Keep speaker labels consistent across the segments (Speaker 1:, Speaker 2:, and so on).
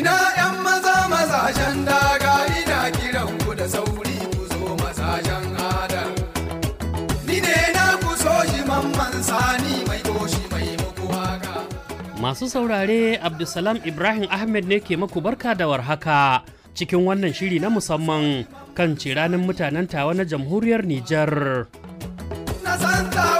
Speaker 1: ina yan maza mazajen daga ina kiran ku da sauri ku zo mazajen adal ni ne na ku so shi mamman sani mai toshi mai muku haka masu saurare abdulsalam ibrahim ahmed ne ke maku barka da warhaka cikin wannan shiri na musamman kan ciranin mutanen tawa na jamhuriyar nijar na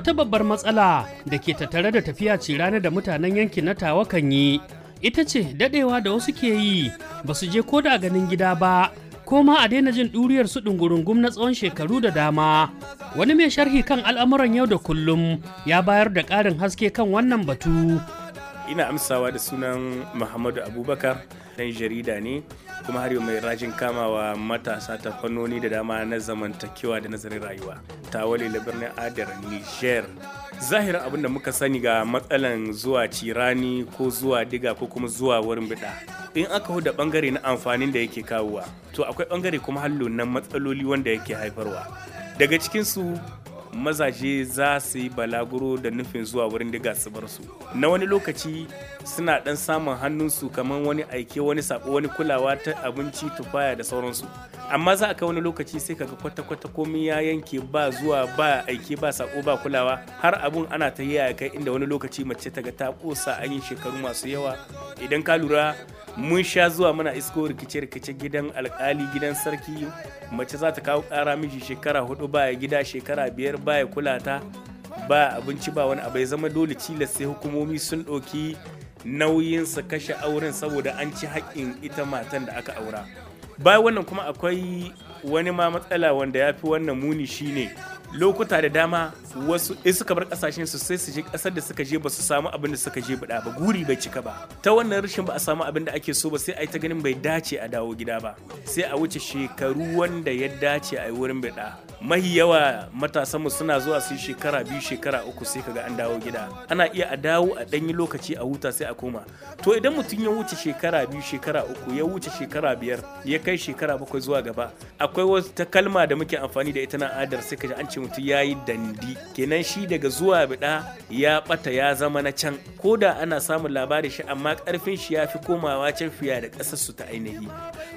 Speaker 1: wata babbar matsala da ke tattare da tafiya rana da mutanen yankin na tawa kan yi ita ce dadewa da wasu ke yi ba su je ko da ganin gida ba ko ma a daina jin ɗuriyar su ɗungurungum na tsawon shekaru da dama wani mai sharhi kan al'amuran yau da kullum ya bayar da ƙarin haske kan wannan batu
Speaker 2: ina amsawa da sunan muhammadu abubakar dan jarida ne kuma har yau mai rajin kamawa matasa ta fannoni da dama na zamantakewa da nazarin rayuwa ta wale da birnin adar niger zahirin abin da muka sani ga matsalan zuwa cirani ko zuwa diga ko kuma zuwa wurin bida in aka huda bangare na amfanin da yake kawowa to akwai bangare kuma hallo na matsaloli wanda yake haifarwa daga cikinsu mazaje za su yi balaguro da nufin zuwa wurin diga su bar su na wani lokaci suna dan samun hannunsu kamar wani aike wani sako wani kulawa ta abinci tufaya da sauransu amma za a kai wani lokaci sai kaga kwata-kwata komai ya yanke ba zuwa ba aike ba sako ba kulawa har abun ana ta yi kai inda wani lokaci mace ta ga ta kosa an yi shekaru masu yawa idan ka lura mun sha zuwa muna isko rikice-rikice gidan alkali gidan sarki mace za ta kawo kara miji shekara hudu ya gida shekara biyar baya kula ta ba abinci ba wani abai zama dole cilas sai hukumomi sun ɗauki nauyinsa kashe auren saboda an ci haƙƙin ita matan da aka aura bayan wannan kuma akwai wani ma matsala wanda ya fi wannan muni shine lokuta da dama wasu in suka bar kasashen su sai su je kasar da suka je ba su samu abin da suka je bada ba guri bai cika ba ta wannan rashin ba a samu abin da ake so ba sai a yi ta ganin bai dace a dawo gida ba sai a wuce shekaru wanda ya dace a yi wurin bada mahi yawa matasanmu suna zuwa su shekara biyu shekara uku sai kaga an dawo gida ana iya a dawo a ɗanyi lokaci a huta sai a koma to idan mutum ya wuce shekara biyu shekara uku ya wuce shekara biyar ya kai shekara bakwai zuwa gaba akwai wata kalma da muke amfani da ita na adar sai kaji an ce mutum ya yi dandi kenan shi daga zuwa biɗa ya bata ya zama na can ko da ana samun labarin shi amma karfin shi ya fi komawa can fiya da su ta ainihi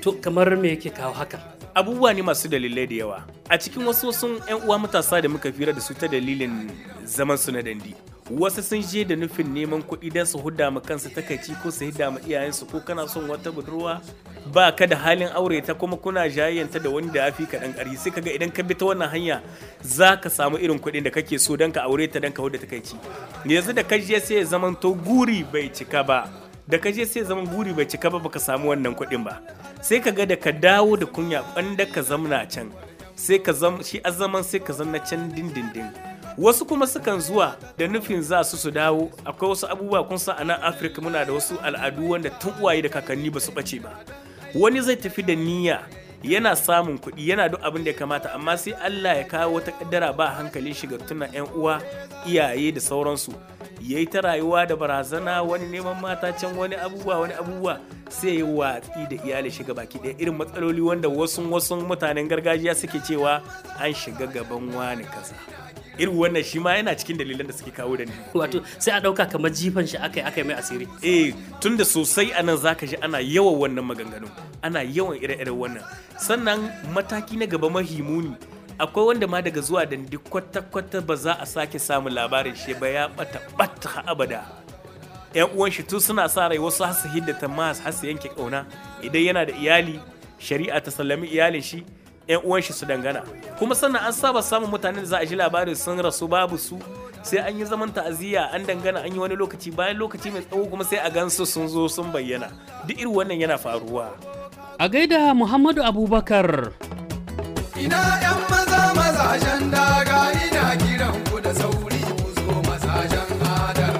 Speaker 2: to kamar me yake kawo haka abubuwa ne masu dalilai da yawa a cikin wasu wasu 'yan uwa matasa da muka fira da su ta dalilin zaman su na dandi wasu sun je da nufin neman kuɗi don su hudda ma kansu takaici ko su hidda ma iyayensu ko kana son wata budurwa ba ka da halin aure ta kuma kuna jayanta da wani da ya fi kaɗan ƙari sai ga idan ka bi ta wannan hanya za ka samu irin kuɗin da kake so don ka aure ta don ka hudda takaici yanzu da ka je sai ya zamanto guri bai cika ba da ka je sai zaman buri bai cika ba baka samu wannan kuɗin ba sai ka ga da ka dawo da kunya ɓanda ka zamna can sai ka zam shi azaman sai ka zanna can dindindin wasu kuma sukan zuwa da nufin za su su dawo akwai wasu abubuwa kun san a nan afirka muna da wasu al'adu wanda tun uwaye da kakanni ba su ɓace ba wani zai tafi da niyya yana samun kuɗi yana duk abin da ya kamata amma sai Allah ya kawo wata kaddara ba hankalin shiga tuna 'yan uwa iyaye da sauransu ya yi ta rayuwa da barazana wani neman mata can wani abubuwa wani abubuwa sai ya watsi da iyali shiga baki ɗaya irin matsaloli wanda wasu wasu mutanen gargajiya suke cewa an shiga gaban wani kaza irin wannan shi ma yana cikin dalilan da suke kawo da ni wato sai a ɗauka kamar jifan shi aka yi mai asiri eh da sosai a anan zaka ji ana yawan wannan maganganu ana yawan ire-iren wannan sannan mataki na gaba mahimuni akwai wanda ma daga zuwa dandi kwata-kwata ba za a sake samun labarin shi ba ya bata bata abada yan uwan shi tun suna sa rai wasu hasu hiddata ma hasu yanke kauna idan yana da iyali shari'a ta sallami iyalin shi yan uwan shi su dangana kuma sannan an saba samun mutanen da za a ji labarin sun rasu babu su sai an yi zaman ta'aziyya an dangana an yi wani lokaci bayan lokaci mai tsawo kuma sai a gansu sun zo sun bayyana duk irin wannan yana faruwa
Speaker 1: a gaida muhammadu abubakar
Speaker 2: ina yan mazajen daga
Speaker 1: ina kiran ku da sauri ku zo mazajen adar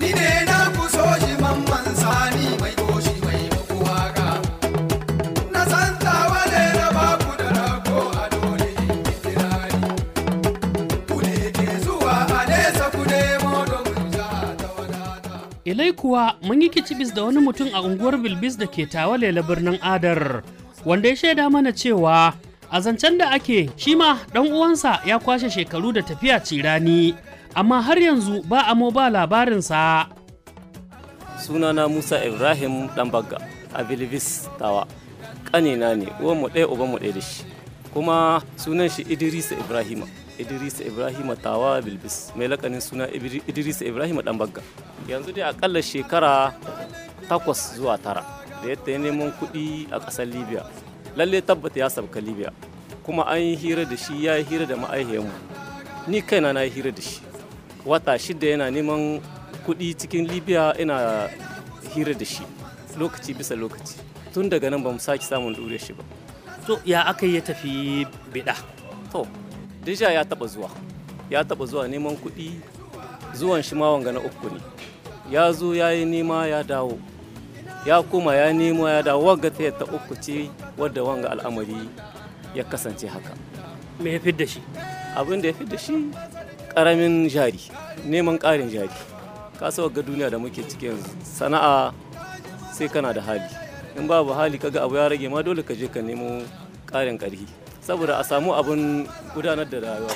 Speaker 1: ni ne na ku mamman sani mai goshi mai makuwa waka na san tawale na ba da rago a dole kirari ku ne zuwa a nesa ku nemo domin za ta wadata kuwa mun yi kicibis da wani mutum a unguwar bilbis da ke tawale birnin adar wanda ya shaida mana cewa A zancen da ake shi ma ɗan uwansa ya kwashe shekaru da tafiya cirani, amma har yanzu ba amo ba labarinsa.
Speaker 3: Sunana Musa Ibrahim bagga a Bilibis Tawa, ƙanina ne, uwanmu ɗaya ubanmu ɗaya da shi, kuma sunan shi Idrisa Ibrahima. Idrisa Ibrahima Tawa Bilbis mai lakanin suna Idrisa Ibrahima bagga Yanzu dai akalla shekara takwas zuwa tara da yadda ya neman kuɗi a ƙasar Libya lalle tabbata ya sabka libya kuma an yi hira da shi ya yi hira da mu ni kaina na yi hira da shi wata shida yana neman kuɗi cikin libya ina hira da shi lokaci bisa lokaci tun daga nan ba mu sake samun ɗure shi ba to ya aka yi tafi biɗa to deja ya taba zuwa ya taba zuwa neman kuɗi zuwan shi ma wanga na uku ne ya zo ya yi nema ya dawo ya koma ya nema ya dawo wanga ta uku ce wadda wanga al'amari ya kasance haka me ya fidda shi abin da ya fidda shi karamin jari neman karin jari kasuwa ga duniya da muke cikin sana'a sai kana da hali in babu hali kaga abu ya rage ma dole ka je ka nemo karin karhi saboda a samu abin gudanar da rayuwa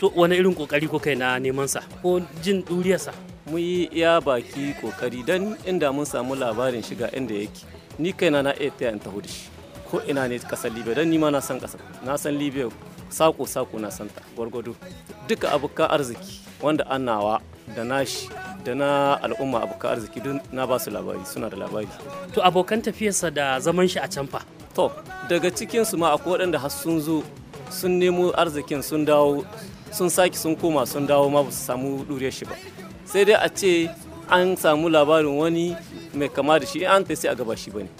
Speaker 3: to wani irin kokari ko kai na neman sa ko jin duriyarsa mu yi iya baki kokari dan inda mun samu labarin shiga inda yake ni kaina na iya taya in taho da shi ko ina ne kasar libya don nima na san kasar na san libya sako sako na santa gwargwado duka abokan arziki wanda an da nashi da na al'umma abokan arziki don na ba su labari suna da labari to abokan tafiyarsa da zaman shi a can fa to daga cikin su ma akwai waɗanda har sun zo sun nemo arzikin sun dawo sun saki sun koma sun dawo ma ba su samu duriyar shi ba sai dai a ce an samu labarin wani mai kama da shi an ta sai a gaba shi bane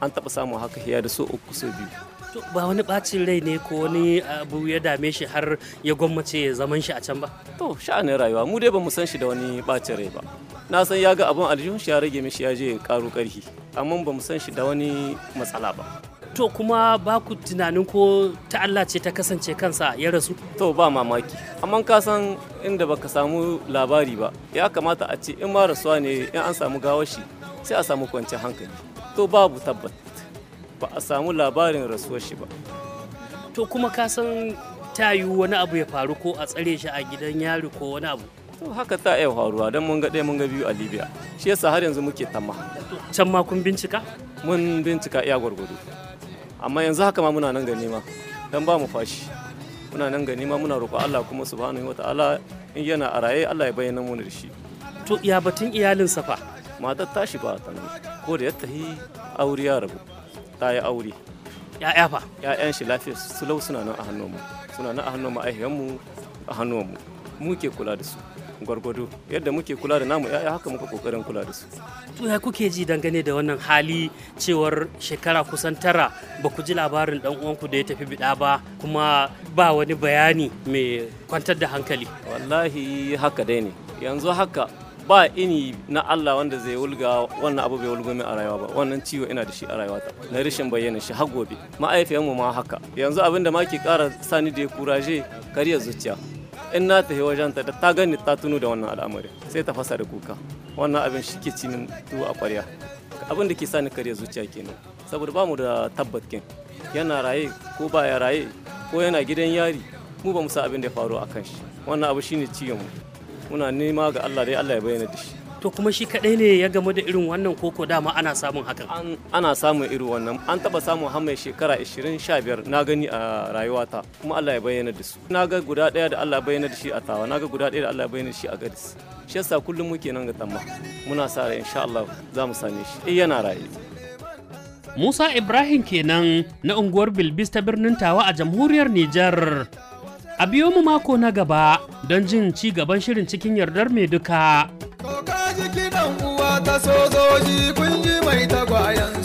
Speaker 3: an taɓa samun haka ya da so uku so biyu
Speaker 1: ba wani bacin rai ne ko wani abu ya dame shi har ya gwammace ya
Speaker 3: zaman shi a can ba to sha'anin rayuwa mu dai ba mu san shi da wani bacin rai ba na san ya ga abin aljihun shi ya rage mishi ya je ya karu karhi amma ba mu san shi da wani matsala ba to kuma ba ku tunanin ko ta Allah ce ta kasance kansa ya rasu to ba mamaki amma ka san inda baka samu labari ba ya kamata a ce in ma rasuwa ne in an samu gawar shi sai a samu kwanciyar hankali to babu tabbat ba a samu labarin rasuwar shi ba to kuma ka san ta yi wani abu ya faru ko a tsare shi a gidan yari ko wani abu to haka ta iya faruwa don mun ga ɗaya mun ga biyu a libya shi yasa har yanzu muke tamma can ma kun bincika mun bincika iya gwargwado amma yanzu haka ma muna nan ga nema don ba mu fashi muna nan ga nema muna roƙo Allah kuma subhanahu wa ta'ala in yana a raye Allah ya bayyana mu da shi to iya batun iyalin safa matar tashi ba ta nan ko da ya tahi aure ya rabu ta yi aure ya'ya fa ya'yan shi lafiya su lau suna nan a hannunmu suna nan a hannun ma'aihiyanmu a hannunmu mu ke kula da su gwargwado yadda muke kula da namu ya'ya haka muka kokarin kula da su
Speaker 1: to ya kuke ji dangane da wannan hali cewar shekara kusan tara ba
Speaker 3: ku ji labarin dan uwanku da ya tafi bida ba kuma ba wani bayani mai kwantar da hankali wallahi haka dai ne yanzu haka ba ini na Allah wanda zai wulga wannan abu bai wulgo min a rayuwa ba wannan ciwo ina da shi a rayuwa ta na rashin bayyana shi har gobe ma'aifiyan mu ma haka yanzu abin da ma ke ƙara sani da kuraje kariya zuciya in na tafi wajen ta ta gani ta tuno da wannan al'amari sai ta fasa da kuka wannan abin shi ke cinin tuwo a ƙwarya abin da ke sani kariya zuciya kenan saboda ba da tabbatkin yana raye ko ba raye ko yana gidan yari mu ba mu sa abin da ya faru a kan shi wannan abu shine ciwon mu muna nema ga Allah dai Allah ya bayyana da shi to kuma shi kadai ne ya gamu da irin wannan koko dama ana samun hakan ana samun irin wannan an taba samun har mai shekara 25 na gani a rayuwata kuma Allah ya bayyana da su na ga guda daya da Allah ya bayyana da shi a tawa na ga guda daya da Allah ya bayyana da shi a gadis shi yasa kullum muke nan ga tamma muna sa rai insha Allah za mu same shi eh yana raye Musa
Speaker 1: Ibrahim kenan na unguwar Bilbis ta birnin Tawa a jamhuriyar Nijar A biyo mu mako na gaba don jin ci gaban shirin cikin yardar mai duka. Toka jiki uwa ta sojoji kun ji mai yanzu